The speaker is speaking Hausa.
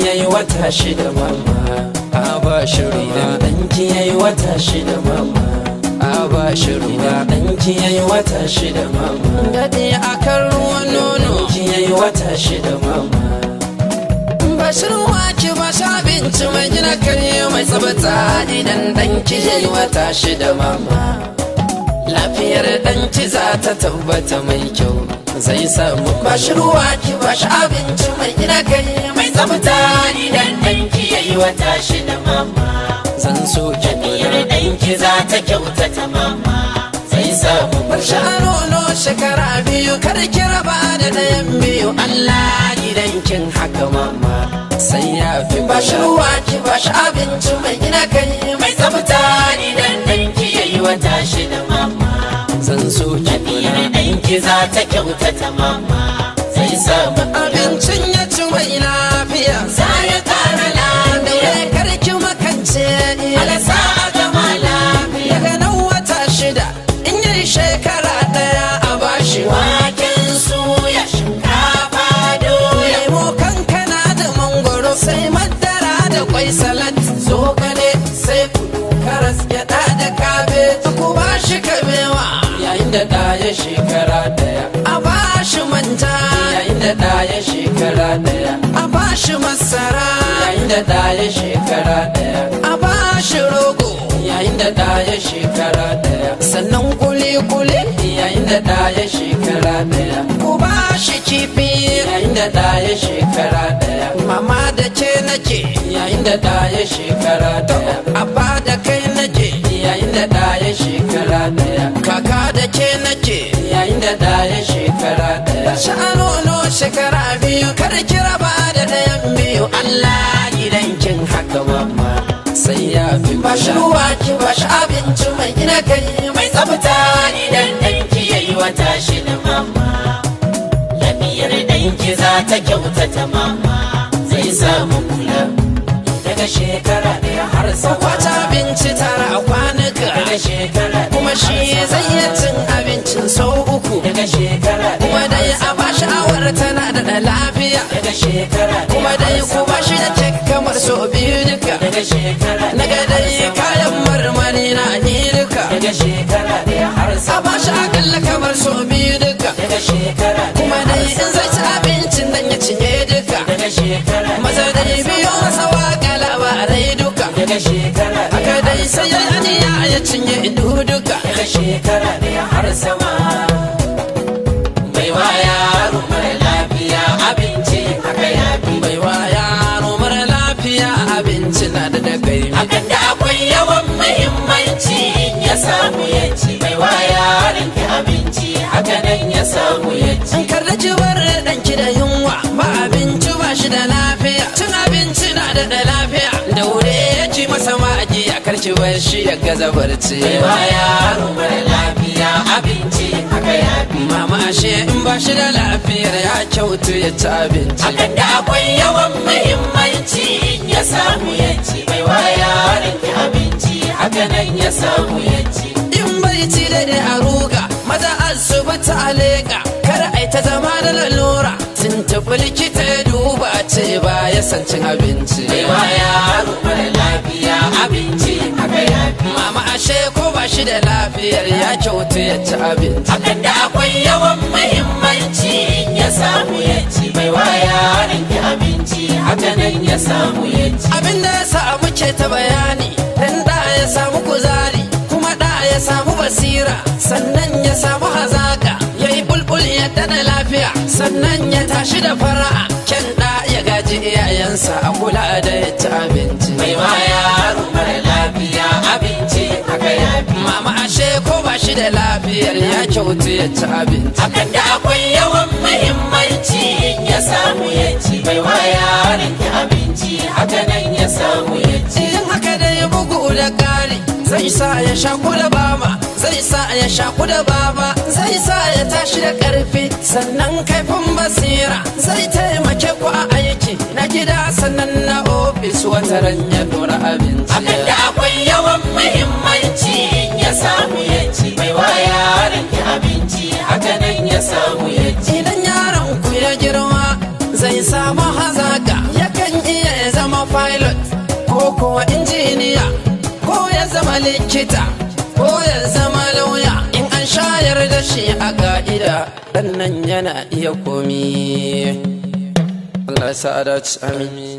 yayi wata shida mama a ba shi ruwa ki yayi wata shida mama a ba shi ruwa ki yayi wata shida mama dade akan ruwan nono ki yayi wata shida mama bashir ki ba sha binci mai gina kare mai tsabata idan ki yayi wata shida mama lafiyar ki za ta tabbata mai kyau zai samu bashir ki ba sha binci mai gina kare zamtani dan danki yayi wata da mama zan so jami'ar danki za ta ta mama sai samu barsha nono shekara biyu kar ki raba da dayan biyu Allah ni haka mama sai ya fi shi ruwa ki shi abinci mai gina kai mai tsafta ni dan danki yayi wata da mama zan so jami'ar danki za ta ta mama sai samu abincin ya ci waina lafiya za eh, eh. ya tara lafiya karki makance alasa a zama lafiya daga nan wata shida in yi shekara daya a bashi waken suya shinkafa doya lemo kankana da mangoro sai madara da kwai salat zogale sai kudu karas gyada da kabe ku bashi kabewa yayin da ɗaya shekara da ɗaya shekara ɗaya a bashi masara yayin da ɗaya shekara daya. a bashi rogo yayin da ɗaya shekara ɗaya sannan kuli-kuli yayin da ɗaya shekara ɗaya ku bashi kifi yayin da ɗaya shekara daya. mama da ce nake yayin da ɗaya shekara ɗaya abba da kai nake yayin da ɗaya shekara daya. kaka da ke nake yayin da ɗaya shekara ɗaya shekara biyu kar ki raba da ɗayan biyu Allah idan kin haka mamma sai ya fi shi ruwa ki shi abinci mai gina kai mai tsafta idan danki ya yi wata da mamma lamiyar ki za ta kyautata mamma zai samu kula daga shekara ɗaya har sa kwata abinci tara a kwana daga shekara kuma shi zai iya cin abincin sau uku daga shekara kuma dai a bashi awar tana da lafiya daga shekara kuma dai ku bashi da cek kamar sau biyu duka daga shekara kayan marmari na ni duka daga shekara a bashi akalla kamar sau biyu duka daga shekara sai ya ya cinye duka daga shekara daya har sama ciwon shi ya gaza barci ba yaro mara lafiya abinci ya fi. mama ashe in ba shi da lafiyar ya kyautu ya ci abinci hakan da akwai yawan muhimmanci in ya samu ya ci bai wa yaron ki abinci haka nan ya samu ya ci in bai ci da da haruga maza asibiti a leƙa kar a ta zama da lalura Tun tafi likita ya duba ce ba ya san cin abinci ashe ko ba shi da lafiyar ya kyautu ya ci abinci hakan da akwai yawan mahimmanci in ya samu ya ci bai wa yaran ki abinci haka nan ya samu ya ci abin da ya samu ke ta bayani dan da ya samu kuzari kuma da ya samu basira sannan ya samu hazaka ya yi bulbul ya dana lafiya sannan ya tashi da fara'a kyan da ya gaji iyayensa a kula da ya ci abinci mai waya. shi da lafiyar ya kyautu ya ci abinci akan da akwai yawan muhimmanci in ya samu ya ci bai wa yaron ki abinci haka nan ya samu ya ci in haka da ya bugu da kari zai sa ya shaku da bama zai sa ya shaku da baba zai sa ya tashi da karfi sannan kaifin basira zai taimake ku a aiki na gida sannan na ofis wataran ya dora abinci samu ya ci idan yaron ku ya girma zai samu hazaka yakan iya zama pilot ko kuwa injiniya ko ya zama likita ko ya zama lauya in an shayar da shi a ga'ida Ɗannan nan yana iya komi Allah ya sa amin